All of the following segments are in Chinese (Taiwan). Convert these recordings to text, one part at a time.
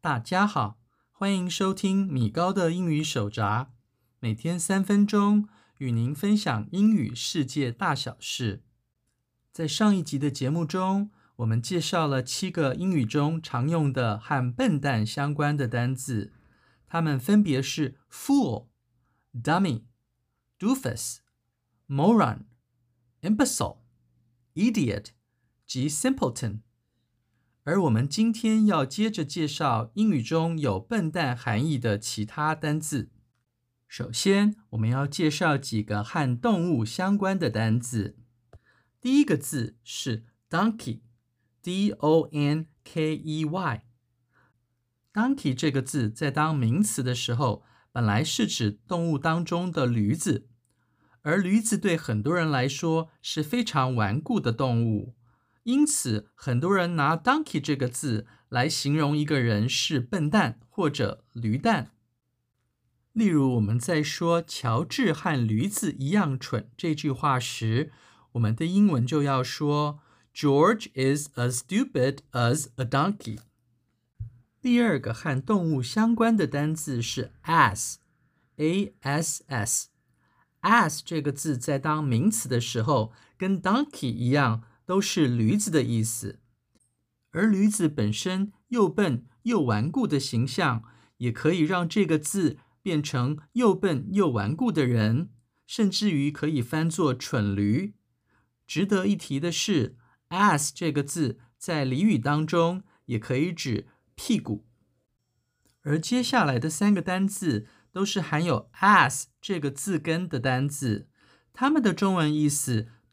大家好，歡迎收聽米高的英語手札，每天三分鐘，與您分享英語世界大小事。在上一集的節目中，我們介紹了七個英語中常用的和笨蛋相關的單詞，它們分別是：fool、dummy、doofus、moron、imbecile、idiot。及 simpleton。而我們今天要接着介紹英語中有“笨蛋”含義的其他單詞。首先，我們要介紹幾個和動物相關的單詞。第一個字是 donkey，D-O-N-K-E-Y。donkey 這個字在當名詞的時候，本來是指動物當中的驢子，而驢子對很多人來說是非常頑固的動物。因此，很多人拿 “donkey” 這個字來形容一個人是笨蛋或者驢蛋。例如，我們在說“喬治和驢子一樣蠢”這句話時，我們的英文就要說 “George is as stupid as a donkey”。第二個和動物相關的單詞是 “ass”，a s s。S, ass 這個字在當名詞的時候，跟 donkey 一樣。都是驢子的意思，而驢子本身又笨又頑固的形象，也可以讓這個字變成又笨又頑固的人，甚至於可以翻作“蠢驢”。值得一提的是，“ass”、啊、這個字在俚語當中也可以指屁股，而接下來的三個單字都是含有 “ass” 這個字根的單字，它們的中文意思。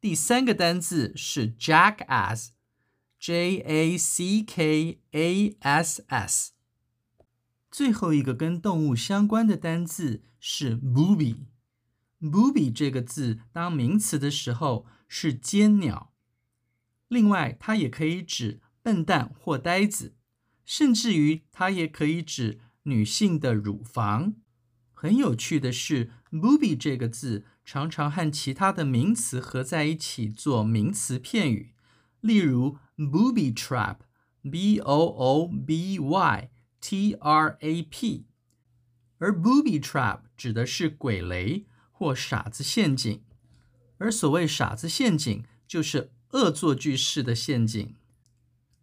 第三個單字是 jackass，J-A-C-K-A-S-S。最後一個跟動物相關的單字是 booby，booby Bo 這個字當名詞的時候是鰹鳥，另外它也可以指笨蛋或呆子，甚至於它也可以指女性的乳房。很有趣的是。booby 這個字常常和其他的名詞合在一起做名詞片語，例如 booby trap，b o o b y t r a p，而 booby trap 指的是詭雷或傻子陷阱，而所謂傻子陷阱就是惡作劇式的陷阱。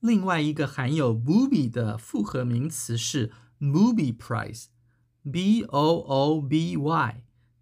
另外一個含有 booby 的複合名詞是 booby prize，b o o b y。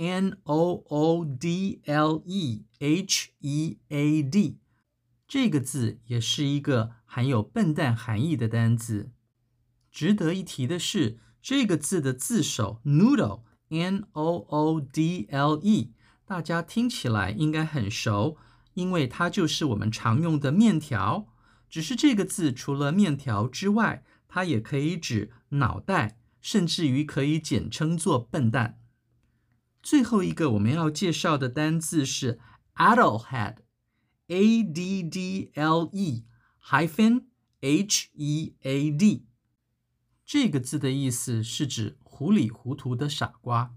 N O O D L E H E A D 這個字也是一個含有“笨蛋”含義的單詞。值得一提的是，這個字的字首 noodle，N O O D L E 大家聽起來應該很熟，因為它就是我們常用的麵條。只是這個字除了麵條之外，它也可以指腦袋，甚至於可以簡稱作“笨蛋”。最後一個我們要介紹的單字是 addle head，a d d l e hyphen h e a d。這個字的意思是指糊裡糊塗的傻瓜。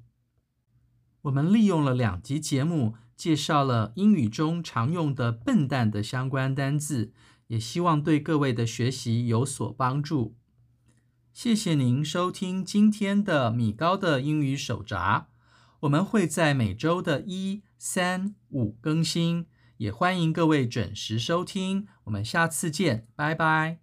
我們利用了兩集節目介紹了英語中常用的“笨蛋”的相關單字，也希望對各位的學習有所幫助。謝謝您收聽今天的米高的英語手札。我們會在每周的一、三、五更新，也歡迎各位準時收聽。我們下次見，拜拜。